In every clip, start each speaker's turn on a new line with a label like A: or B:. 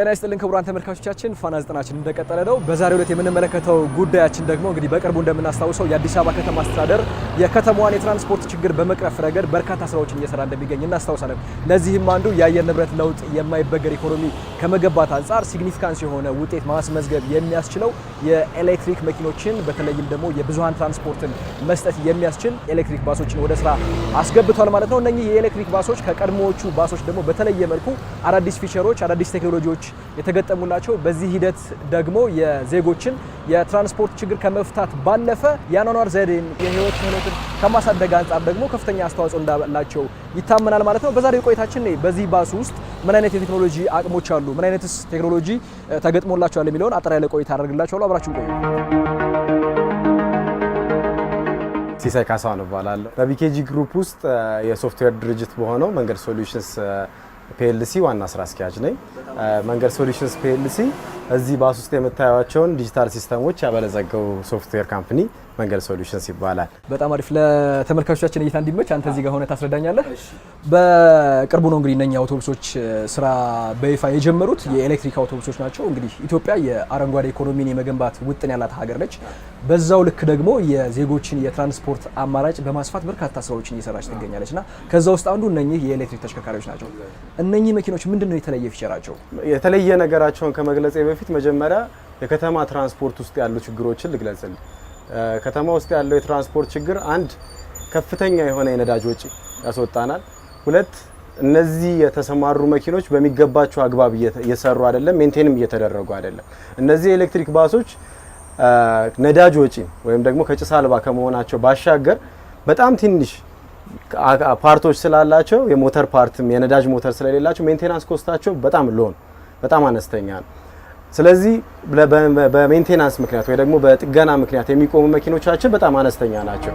A: ጤና ይስጥልን ክቡራን ተመልካቾቻችን፣ ፋና ዘጠናችን እንደቀጠለ ነው። በዛሬው ዕለት የምንመለከተው ጉዳያችን ደግሞ እንግዲህ በቅርቡ እንደምናስታውሰው የአዲስ አበባ ከተማ አስተዳደር የከተማዋን የትራንስፖርት ችግር በመቅረፍ ረገድ በርካታ ስራዎችን እየሰራ እንደሚገኝ እናስታውሳለን። ለዚህም አንዱ የአየር ንብረት ለውጥ የማይበገር ኢኮኖሚ ከመገንባት አንጻር ሲግኒፊካንስ የሆነ ውጤት ማስመዝገብ የሚያስችለው የኤሌክትሪክ መኪኖችን በተለይም ደግሞ የብዙሃን ትራንስፖርትን መስጠት የሚያስችል ኤሌክትሪክ ባሶችን ወደ ስራ አስገብቷል ማለት ነው። እነኚህ የኤሌክትሪክ ባሶች ከቀድሞዎቹ ባሶች ደግሞ በተለየ መልኩ አዳዲስ ፊቸሮች፣ አዳዲስ ቴክኖሎጂዎች ችግሮች የተገጠሙላቸው። በዚህ ሂደት ደግሞ የዜጎችን የትራንስፖርት ችግር ከመፍታት ባለፈ የአኗኗር ዘዴን የህይወት ክህሎትን ከማሳደግ አንጻር ደግሞ ከፍተኛ አስተዋጽኦ እንዳላቸው ይታመናል ማለት ነው። በዛሬው ቆይታችን በዚህ ባስ ውስጥ ምን አይነት የቴክኖሎጂ አቅሞች አሉ፣ ምን አይነትስ ቴክኖሎጂ ተገጥሞላቸዋል የሚለውን አጠር ያለ ቆይታ አደርግላችኋለሁ። አብራችን ቆዩ።
B: ሲሳይ ካሳሁን እባላለሁ። በቢኬጂ ግሩፕ ውስጥ የሶፍትዌር ድርጅት በሆነው መንገድ ሶሉሽንስ ፒኤልሲ ዋና ስራ አስኪያጅ ነኝ። መንገድ ሶሉሽንስ ፒኤልሲ እዚህ ባስ ውስጥ የምታዩቸውን ዲጂታል ሲስተሞች ያበለጸገው ሶፍትዌር ካምፕኒ መንገድ ሶሉሽንስ ይባላል።
A: በጣም አሪፍ። ለተመልካቾቻችን እይታ እንዲመች አንተ እዚህ ጋር ሆነ ታስረዳኛለህ። በቅርቡ ነው እንግዲህ እነኛ አውቶቡሶች ስራ በይፋ የጀመሩት የኤሌክትሪክ አውቶቡሶች ናቸው። እንግዲህ ኢትዮጵያ የአረንጓዴ ኢኮኖሚን የመገንባት ውጥን ያላት ሀገር ነች። በዛው ልክ ደግሞ የዜጎችን የትራንስፖርት አማራጭ በማስፋት በርካታ ስራዎችን እየሰራች ትገኛለች እና ከዛ ውስጥ አንዱ እነኚህ የኤሌክትሪክ ተሽከርካሪዎች ናቸው። እነኚህ መኪኖች ምንድን ነው የተለየ ፊቸራቸው?
B: የተለየ ነገራቸውን ከመግለጽ በፊት መጀመሪያ የከተማ ትራንስፖርት ውስጥ ያሉ ችግሮችን ልግለጽል። ከተማ ውስጥ ያለው የትራንስፖርት ችግር አንድ ከፍተኛ የሆነ የነዳጅ ወጪ ያስወጣናል። ሁለት እነዚህ የተሰማሩ መኪኖች በሚገባቸው አግባብ እየሰሩ አይደለም፣ ሜንቴንም እየተደረጉ አይደለም። እነዚህ የኤሌክትሪክ ባሶች ነዳጅ ወጪ ወይም ደግሞ ከጭስ አልባ ከመሆናቸው ባሻገር በጣም ትንሽ ፓርቶች ስላላቸው የሞተር ፓርትም የነዳጅ ሞተር ስለሌላቸው ሜንቴናንስ ኮስታቸው በጣም ነው፣ በጣም አነስተኛ ነው። ስለዚህ በሜንቴናንስ ምክንያት ወይ ደግሞ በጥገና ምክንያት የሚቆሙ መኪኖቻችን በጣም አነስተኛ ናቸው።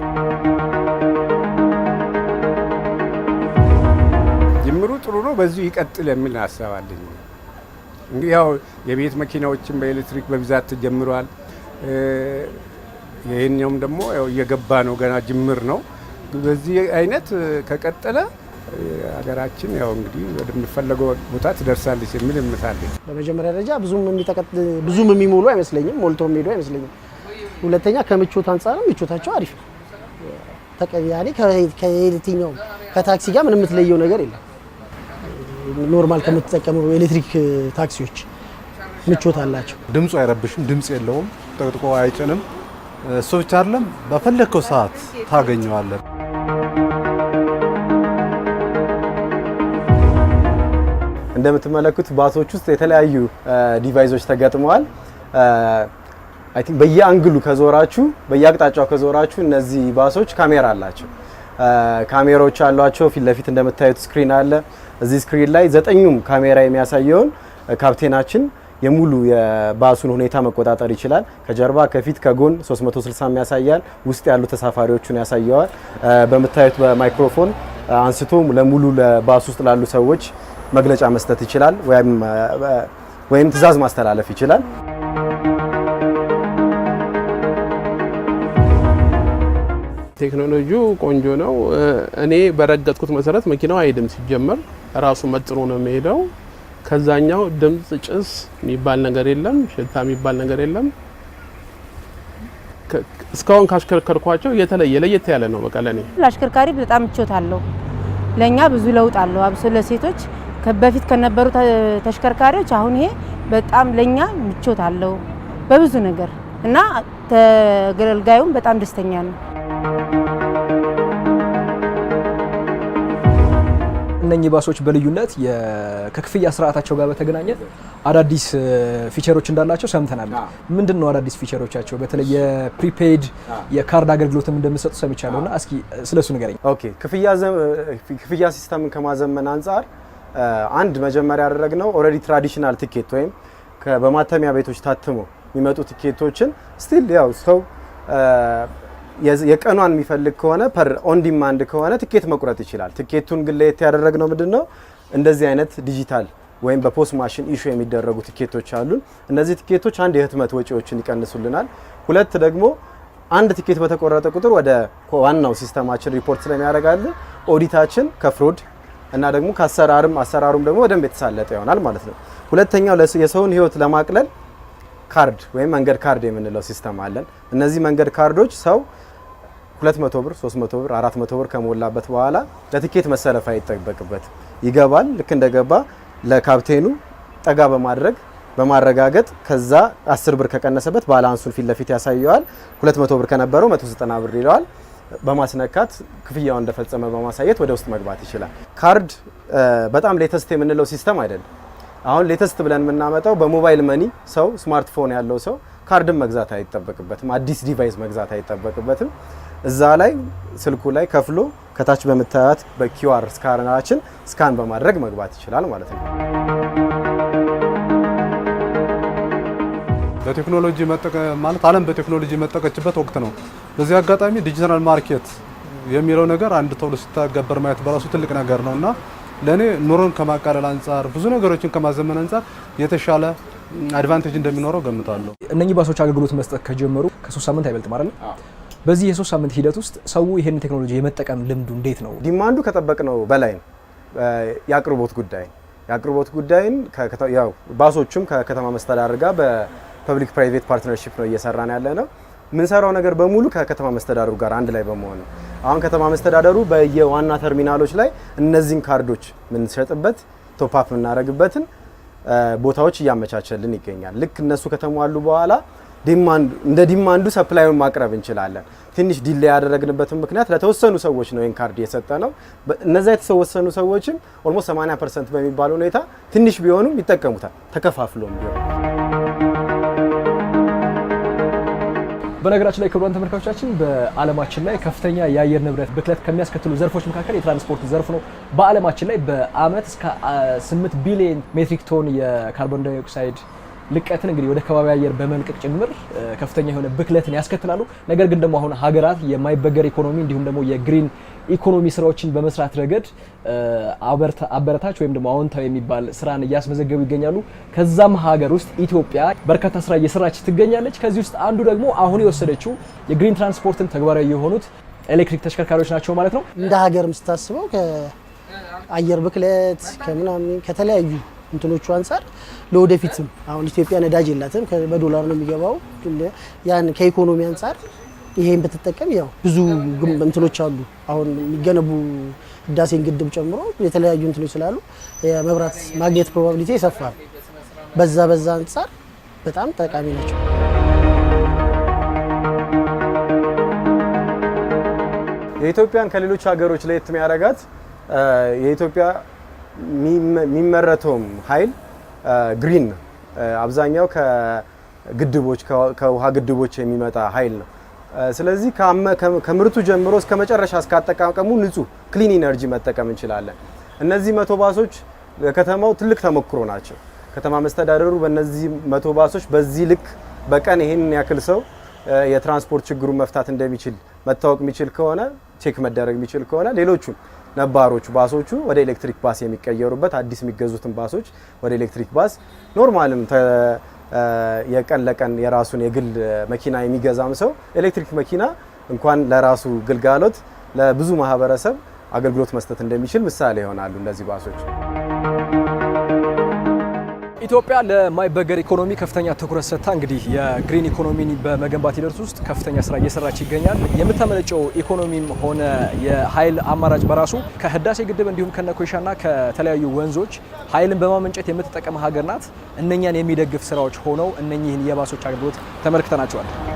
B: ጅምሩ ጥሩ ነው፣ በዚሁ ይቀጥል የሚል ሀሳብ አለኝ። እንግዲህ ያው የቤት መኪናዎችን በኤሌክትሪክ በብዛት ተጀምረዋል። ይህኛውም ደግሞ እየገባ ነው፣ ገና ጅምር ነው። በዚህ አይነት ከቀጠለ ሀገራችን ያው እንግዲህ ወደሚፈለገው ቦታ ትደርሳለች የሚል እምታለሁ። በመጀመሪያ ደረጃ ብዙም የሚሞሉ አይመስለኝም፣ ሞልቶ የሚሄዱ አይመስለኝም። ሁለተኛ ከምቾት አንጻርም ምቾታቸው አሪፍ ነው። ተቀያኔ ከየትኛው ከታክሲ ጋር ምን የምትለየው ነገር የለም። ኖርማል ከምትጠቀመው ኤሌክትሪክ ታክሲዎች ምቾት አላቸው። ድምፁ አይረብሽም፣ ድምፅ የለውም፣ ጠቅጥቆ አይጭንም። እሱ ብቻ አይደለም፣ በፈለግከው ሰዓት ታገኘዋለን። እንደምትመለከቱት ባሶች ውስጥ የተለያዩ ዲቫይሶች ተገጥመዋል። አይ ቲንክ በየአንግሉ ከዞራችሁ በየአቅጣጫው ከዞራችሁ እነዚህ ባሶች ካሜራ አላቸው። ካሜራዎች አሏቸው። ፊት ለፊት እንደምታዩት ስክሪን አለ። እዚህ ስክሪን ላይ ዘጠኙም ካሜራ የሚያሳየውን ካፕቴናችን የሙሉ የባሱን ሁኔታ መቆጣጠር ይችላል። ከጀርባ፣ ከፊት፣ ከጎን 360 ያሳያል። ውስጥ ያሉ ተሳፋሪዎቹን ያሳየዋል። በምታዩት በማይክሮፎን አንስቶ ለሙሉ ለባሱ ውስጥ ላሉ ሰዎች መግለጫ መስጠት ይችላል ወይም ትዕዛዝ ማስተላለፍ ይችላል። ቴክኖሎጂው ቆንጆ ነው። እኔ በረገጥኩት መሰረት መኪናው አይድም። ሲጀመር ራሱ መጥኖ ነው የሚሄደው። ከዛኛው ድምፅ፣ ጭስ የሚባል ነገር የለም፣ ሽታ የሚባል ነገር የለም። እስካሁን ካሽከርከርኳቸው የተለየ ለየት ያለ ነው። በቃ ለእኔ ለአሽከርካሪ በጣም ምቾት አለው። ለእኛ ብዙ ለውጥ አለው፣ አብሶ ለሴቶች በፊት ከነበሩ ተሽከርካሪዎች አሁን ይሄ በጣም ለኛ ምቾት አለው በብዙ ነገር እና ተገልጋዩም በጣም ደስተኛ ነው።
A: እነኚህ ባሶች በልዩነት ከክፍያ ስርዓታቸው ጋር በተገናኘ አዳዲስ ፊቸሮች እንዳላቸው ሰምተናል። ምንድን ነው አዳዲስ ፊቸሮቻቸው? በተለይ የፕሪፔድ የካርድ አገልግሎትም እንደምሰጡ ሰምቻለሁ እና እስኪ ስለሱ ንገረኝ።
B: ክፍያ ሲስተምን ከማዘመን አንጻር አንድ መጀመሪያ ያደረግነው ኦልሬዲ ትራዲሽናል ቲኬት ወይም በማተሚያ ቤቶች ታትሞ የሚመጡ ቲኬቶችን ስቲል ያው ሰው የቀኗን የሚፈልግ ከሆነ ፐር ኦን ዲማንድ ከሆነ ቲኬት መቁረጥ ይችላል። ቲኬቱን ግን ለየት ያደረግነው ምንድን ነው እንደዚህ አይነት ዲጂታል ወይም በፖስት ማሽን ኢሹ የሚደረጉ ቲኬቶች አሉን። እነዚህ ቲኬቶች አንድ የህትመት ወጪዎችን ይቀንሱልናል፣ ሁለት ደግሞ አንድ ቲኬት በተቆረጠ ቁጥር ወደ ዋናው ሲስተማችን ሪፖርት ስለሚያደርጋል ኦዲታችን ከፍሮድ እና ደግሞ ከአሰራርም አሰራሩም ደግሞ በደንብ የተሳለጠ ይሆናል ማለት ነው። ሁለተኛው የሰውን ህይወት ለማቅለል ካርድ ወይም መንገድ ካርድ የምንለው ሲስተም አለን። እነዚህ መንገድ ካርዶች ሰው 200 ብር፣ 300 ብር፣ 400 ብር ከሞላበት በኋላ ለትኬት መሰለፍ አይጠበቅበት። ይገባል። ልክ እንደገባ ለካፕቴኑ ጠጋ በማድረግ በማረጋገጥ ከዛ 10 ብር ከቀነሰበት ባላንሱን ፊት ለፊት ያሳየዋል። 200 ብር ከነበረው 190 ብር ይለዋል። በማስነካት ክፍያው እንደፈጸመ በማሳየት ወደ ውስጥ መግባት ይችላል። ካርድ በጣም ሌተስት የምንለው ሲስተም አይደለም። አሁን ሌተስት ብለን የምናመጣው በሞባይል መኒ ሰው ስማርትፎን ያለው ሰው ካርድን መግዛት አይጠበቅበትም። አዲስ ዲቫይስ መግዛት አይጠበቅበትም። እዛ ላይ ስልኩ ላይ ከፍሎ ከታች በምታዩት በኪዋር ስካነራችን ስካን በማድረግ መግባት ይችላል ማለት ነው። በቴክኖሎጂ ማለት ዓለም በቴክኖሎጂ መጠቀችበት ወቅት ነው። በዚህ አጋጣሚ ዲጂታል ማርኬት የሚለው ነገር አንድ ተብሎ ሲተገበር ማየት በራሱ ትልቅ ነገር ነው እና ለእኔ ኑሮን ከማቃለል አንጻር ብዙ ነገሮችን ከማዘመን አንጻር የተሻለ አድቫንቴጅ እንደሚኖረው ገምታለሁ።
A: እነኚህ ባሶች አገልግሎት መስጠት ከጀመሩ ከሶስት ሳምንት አይበልጥም አይደል? በዚህ የሶስት ሳምንት ሂደት ውስጥ ሰው ይህን ቴክኖሎጂ የመጠቀም ልምዱ እንዴት ነው? ዲማንዱ
B: ከጠበቅነው በላይ ነው። የአቅርቦት ጉዳይ የአቅርቦት ጉዳይን ባሶቹም ከከተማ መስተዳድር ጋር በፐብሊክ ፕራይቬት ፓርትነርሺፕ ነው ነው ያለ ነው። የምንሰራው ነገር በሙሉ ከከተማ መስተዳደሩ ጋር አንድ ላይ በመሆን ነው። አሁን ከተማ መስተዳደሩ በየዋና ተርሚናሎች ላይ እነዚህን ካርዶች የምንሸጥበት ቶፓፕ የምናደርግበትን ቦታዎች እያመቻቸልን ይገኛል። ልክ እነሱ ከተሟሉ በኋላ እንደ ዲማንዱ ሰፕላዩን ማቅረብ እንችላለን። ትንሽ ዲሌ ያደረግንበትን ምክንያት ለተወሰኑ ሰዎች ነው ይህን ካርድ የሰጠ ነው። እነዛ የተወሰኑ ሰዎችም ኦልሞስት 80 ፐርሰንት በሚባል ሁኔታ ትንሽ ቢሆኑም ይጠቀሙታል ተከፋፍሎም ቢሆን
A: በነገራችን ላይ ክቡራን ተመልካቾቻችን በዓለማችን ላይ ከፍተኛ የአየር ንብረት ብክለት ከሚያስከትሉ ዘርፎች መካከል የትራንስፖርት ዘርፍ ነው። በዓለማችን ላይ በአመት እስከ 8 ቢሊዮን ሜትሪክ ቶን የካርቦን ዳይኦክሳይድ ልቀትን እንግዲህ ወደ ከባቢ አየር በመልቀቅ ጭምር ከፍተኛ የሆነ ብክለትን ያስከትላሉ። ነገር ግን ደግሞ አሁን ሀገራት የማይበገር ኢኮኖሚ እንዲሁም ደግሞ የግሪን ኢኮኖሚ ስራዎችን በመስራት ረገድ አበረታች ወይም ደግሞ አዎንታዊ የሚባል ስራን እያስመዘገቡ ይገኛሉ። ከዛም ሀገር ውስጥ ኢትዮጵያ በርካታ ስራ እየሰራች ትገኛለች። ከዚህ ውስጥ አንዱ ደግሞ አሁን የወሰደችው የግሪን ትራንስፖርትን ተግባራዊ የሆኑት ኤሌክትሪክ ተሽከርካሪዎች ናቸው ማለት ነው። እንደ ሀገርም ስታስበው ከአየር ብክለት ከምናምን ከተለያዩ እንትኖቹ አንጻር
B: ለወደፊትም አሁን ኢትዮጵያ ነዳጅ የላትም፣ በዶላር ነው የሚገባው። ያን ከኢኮኖሚ አንጻር ይሄን ብትጠቀም ያው ብዙ እንትኖች አሉ። አሁን የሚገነቡ ህዳሴን ግድብ ጨምሮ የተለያዩ እንትኖች ስላሉ የመብራት ማግኘት ፕሮባቢሊቲ ይሰፋል። በዛ በዛ አንጻር በጣም ጠቃሚ ናቸው። የኢትዮጵያን ከሌሎች ሀገሮች ለየት የሚያደርጋት የኢትዮጵያ የሚመረተውም ኃይል ግሪን ነው። አብዛኛው ከግድቦች ከውሃ ግድቦች የሚመጣ ኃይል ነው። ስለዚህ ከምርቱ ጀምሮ እስከ መጨረሻ እስካጠቃቀሙ ንጹህ ክሊን ኢነርጂ መጠቀም እንችላለን። እነዚህ መቶ ባሶች ለከተማው ትልቅ ተሞክሮ ናቸው። ከተማ መስተዳደሩ በእነዚህ መቶ ባሶች በዚህ ልክ በቀን ይህንን ያክል ሰው የትራንስፖርት ችግሩን መፍታት እንደሚችል መታወቅ የሚችል ከሆነ ቼክ መደረግ የሚችል ከሆነ ሌሎቹን ነባሮቹ ባሶቹ ወደ ኤሌክትሪክ ባስ የሚቀየሩበት አዲስ የሚገዙትን ባሶች ወደ ኤሌክትሪክ ባስ ኖርማልም የቀን ለቀን የራሱን የግል መኪና የሚገዛም ሰው ኤሌክትሪክ መኪና እንኳን ለራሱ ግልጋሎት ለብዙ ማህበረሰብ አገልግሎት መስጠት እንደሚችል ምሳሌ ይሆናሉ እነዚህ ባሶች።
A: ኢትዮጵያ ለማይበገር ኢኮኖሚ ከፍተኛ ትኩረት ሰጥታ እንግዲህ የግሪን ኢኮኖሚን በመገንባት ሂደት ውስጥ ከፍተኛ ስራ እየሰራች ይገኛል። የምታመነጨው ኢኮኖሚም ሆነ የኃይል አማራጭ በራሱ ከህዳሴ ግድብ እንዲሁም ከነኮይሻና ከተለያዩ ወንዞች ኃይልን በማመንጨት የምትጠቀም ሀገር ናት። እነኛን የሚደግፍ ስራዎች ሆነው እነኚህን የባሶች አገልግሎት ተመልክተናቸዋል።